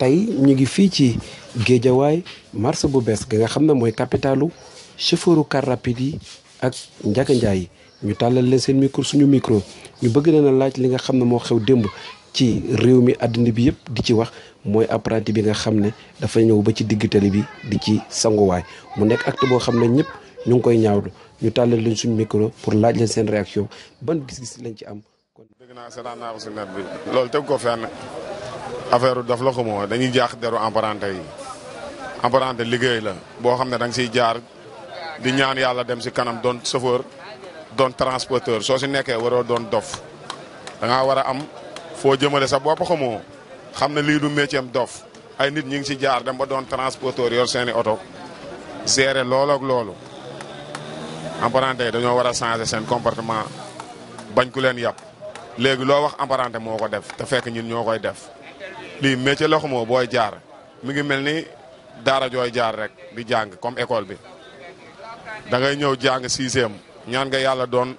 tey ñu ngi fii ci géejawaay marché bu bees gi nga xam ne mooy capitalu chauffeuru car rapide yi ak njaga njaay yi ñu tàllal leen seen micro suñu micro ñu bëgg leen laaj li nga xam ne moo xew démb ci réew mi àddina bi yëpp di ci wax mooy apprenti bi nga xam ne dafa ñëw ba ci digg tali bi di ci sanguwaay mu nekk acte boo xam ne ñëpp ñu ngi koy ñaawlu ñu tàllal leen suñu micro pour laaj leen seen réaction ban gis-gis lañ ci am. kon dégg loolu teg ko fenn. affaire daf la xamoo dañuy jaax deru apprenti yi apprenti liggéey la boo xam ne da nga siy jaar di ñaan yàlla dem si kanam doon chauffeur doon transporteur soo si nekkee waroo doon dof da ngaa war a am foo jëmale sa bopp xamoo xam ne lii du métier am dof ay nit ñi ngi si jaar dem ba doon transporteur yor seeni oto gérer loolu ak loolu apprenti yi dañoo war a changer seen comportement bañ ku leen yàpp léegi loo wax apprenti moo ko def te fekk ñun ñoo koy def lii métier la xamoo booy jaar mi ngi mel ni daara jooy jaar rek di jàng comme école bi da ngay ñëw jàng sixième ñaan nga yàlla doon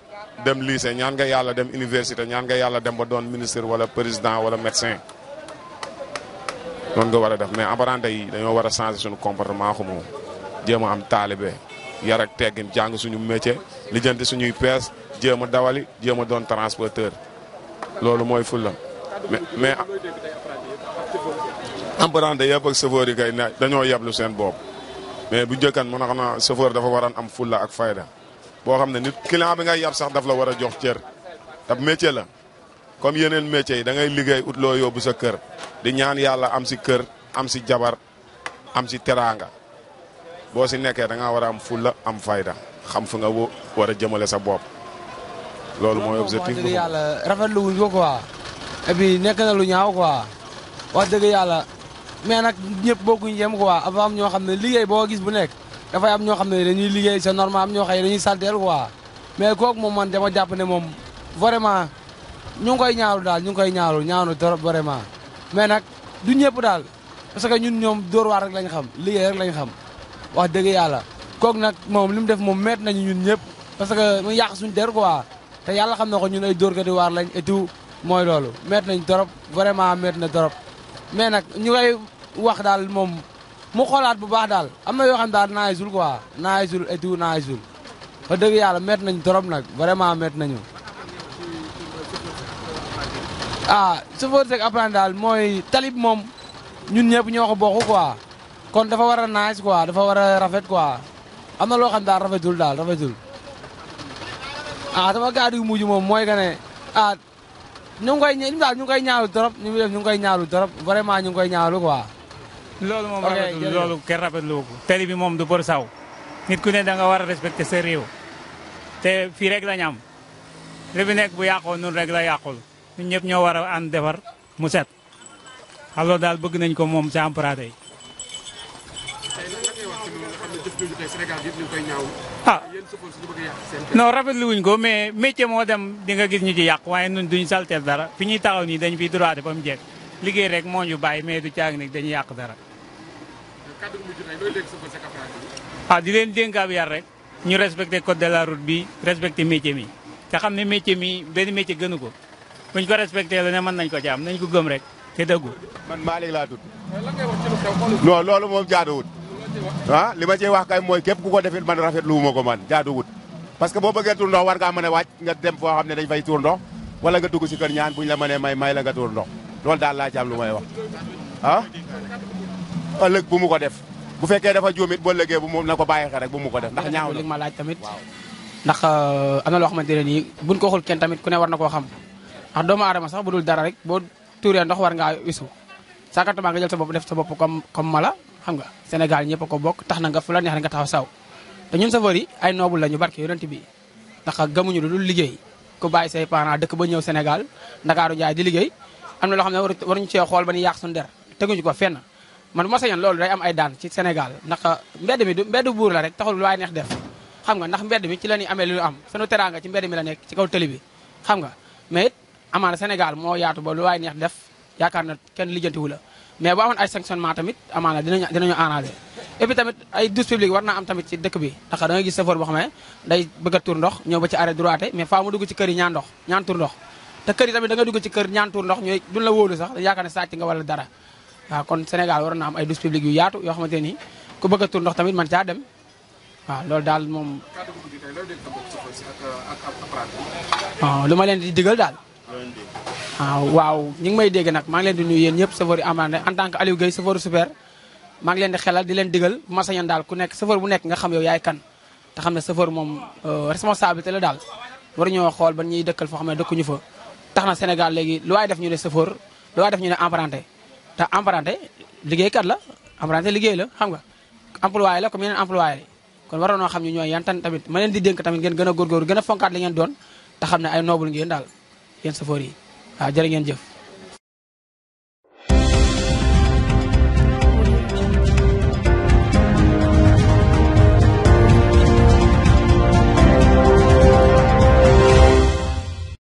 dem lycée ñaan nga yàlla dem université ñaan nga yàlla dem ba doon ministre wala président wala médecin noon nga war a def mais apprenti yi dañoo war a changer suñu comportement xamoo jéem a am taalibe yar ak teggin jàng suñu métier lijjanti suñuy pees jéem a dawali jéem a doon transporteur loolu mooy fulla mais apprenti yëpp ak chauffeur yi kay dañoo yablu sen bop mais bu jëkkan mo naxna chauffeur dafa waran am fulla ak fayda bo xam nit client bi nga yab sax dafa la wara jox cër tab métier la comme yeneen métier yi da ngay liggéey out lo yobu sa kër di ñaan yalla am si kër am si jabar am si teranga bo ci nekké da nga wara am fulla am fayda xam fu nga wo wara jëmele sa bop loolu moy objectif bi yàlla rafetlu wuñ ko quoi et puis nekk na lu ñaaw quoi wa deug yalla mais nag ñëpp bokkuñ ko quoi dafa am ñoo xam ne liggéey boo gis bu nekk dafay am ñoo xam ne dañuy liggéey sa normal am ñoo xam ne del salteel quoi mais kooku moom man dama jàpp ne moom vraiment ñu ngi koy ñaaru daal ñu ngi koy ñaaru ñaaru trop vraiment mais nag du ñëpp daal parce que ñun ñoom dóor waar rek lañ xam liggéey rek lañ xam wax dëgg yàlla kooku nag moom li mu def moom meet nañu ñun ñëpp parce que mu yàq suñ suñu ko quoi te yàlla xam na ko ñun ay dóorkati waar lañ et mooy loolu met nañ trop vraiment met na trop mais nag ñu koy wax daal moom mu xoolaat bu baax daal am na yoo xam daal naajul quoi naajul et tout naajul fa dëgg yàlla met nañ trop nag vraiment met nañu. a ah, chauffeur Seck apprenti daal mooy talib moom ñun ñëpp ñoo ko bokk quoi kon dafa war a naaj quoi dafa war a rafet quoi am na loo xam daal rafetul daal rafetul ah sama kàddu gu mujj moom mooy que ne ah, ñu ngi koy ñu daal ñu ngi koy ñaawlu trop ñu ngi def ñu ngi koy ñaawlu trop vraiment ñu ngi koy ñaawlu quoi. loolu moom rafetlu loolu kenn rafetlu ko télé bi moom du pour saw nit ku ne da nga war a respecté sa réew te fii rek la ñu am li nekk bu yàqoo nun rek la yàqul ñun ñoo war a ànd defar mu set alors daal bëgg nañ ko moom ci emprunté yi jooju tey Sénégal yëpp ah. ko mais métier moo dem di nga gis ñu ci yàq waaye ñun duñ salteel dara fi ñuy taxaw nii dañ fiy droité ba mu jekk liggéey rek moo ñu bàyyi mais du caag nag dañuy yàq dara. kàddu gi mujj tey ah, di leen dénk yar rek ñu respecté code de la route bi respecté métier mi te xam ne métier mi benn métier gënu ko buñ ko respecté lu ne mën nañ ko ci nañ ko gëm rek te dëggu. man Malick laa loolu moom jaaduwut ah li ma ciy wax kay mooy képp ku ko defit man rafetlu wu ma ko man jaaduwut parce que boo bëggee tuur ndox war ngaa mën a nga dem foo xam ne dañ fay tuur ndox wala nga dugg si kër ñaan buñ la mënee may may la nga tuur ndox loolu daal laa ci am lu may wax ah ëllëg bu mu ko def bu fekkee dafa juumit boo lëggee bu mu na ko bàyyi xel rek bu mu ko def ndax ñaaw li ma laaj tamit ndax euh, am na loo xamante ne nii buñ ko xul kenn tamit ku ne war na koo xam ndax doomu aadama sax bu dul dara rek boo tuuree ndox war ngaa wisu sàkkatuma nga jël sa bopp def sa bopp comme comme mala xam nga Sénégal ñëpp ko bokk tax na nga fu la neex nga taxaw saw te ñun chauffeur yi ay noble la ñu barke yonent bi ndax gamuñu lu dul liggéey ku bàyyi say parant dëkk ba ñëw Sénégal Ndakaaru Njaay di liggéey am na loo xam ne waruñu cee xool ba ni yàq suñu der teguñu ko fenn man bu ma sañoon loolu day am ay daan ci Sénégal ndax mbedd mi du mbedd buur la rek taxul lu waay neex def xam nga ndax mbedd mi ci la ñuy amee lu am sunu teraanga ci mbedd mi la nekk ci kaw tëli bi xam nga mais amaan amaana Sénégal moo yaatu ba lu waay neex def yaakaar na kenn lijjantiwu la mais bu amoon ay sanctionnement tamit amaana dinañu dinañu arrangé et puis tamit ay douche publique war na am tamit ci dëkk bi ndax da nga gis chauffeur boo xam ne day bëgg a tur ndox ñëw ba ci arrêt droite mais faaw mu dugg ci kër ñaan ndox ñaan tur ndox te kër tamit da dugg ci kër ñaan tur ndox ñooy duñ la wóolu sax dañ yaakaar ne sàcc nga wala dara waaw kon Sénégal war na am ay douche publique yu yaatu yoo xamante ni ku bëgg a tur ndox tamit man caa dem waaw loolu daal moom waaw leen di digal daal waaw ñi ngi may dégg nag maa ngi leen di nuyu yéen ñëpp chauffeur yi amande en tant que Aliou Gueye chauffeur super maa ngi leen di xelal di leen digal bu ma sañoon daal ku nekk chauffeur bu nekk nga xam yow yaay kan te xam ne chauffeur moom euh, responsabilité la daal war ñoo xool ba ñuy dëkkal foo xam ne dëkkuñu fa tax na Sénégal léegi lu waay def ñu ne chauffeur lu waay def ñu ne apprenti te apprenti liggéeykat la apprenti liggéey la xam nga employé la comme yeneen employé kon waroon noo xam ñu ñooy yan tan tamit ma leen di dénk tamit ngeen gën a góorgóorlu gën a fonkaat li ngeen doon te xam ne ay noble ngeen daal yéen chauffeur yi waaw jërë ngeen jëf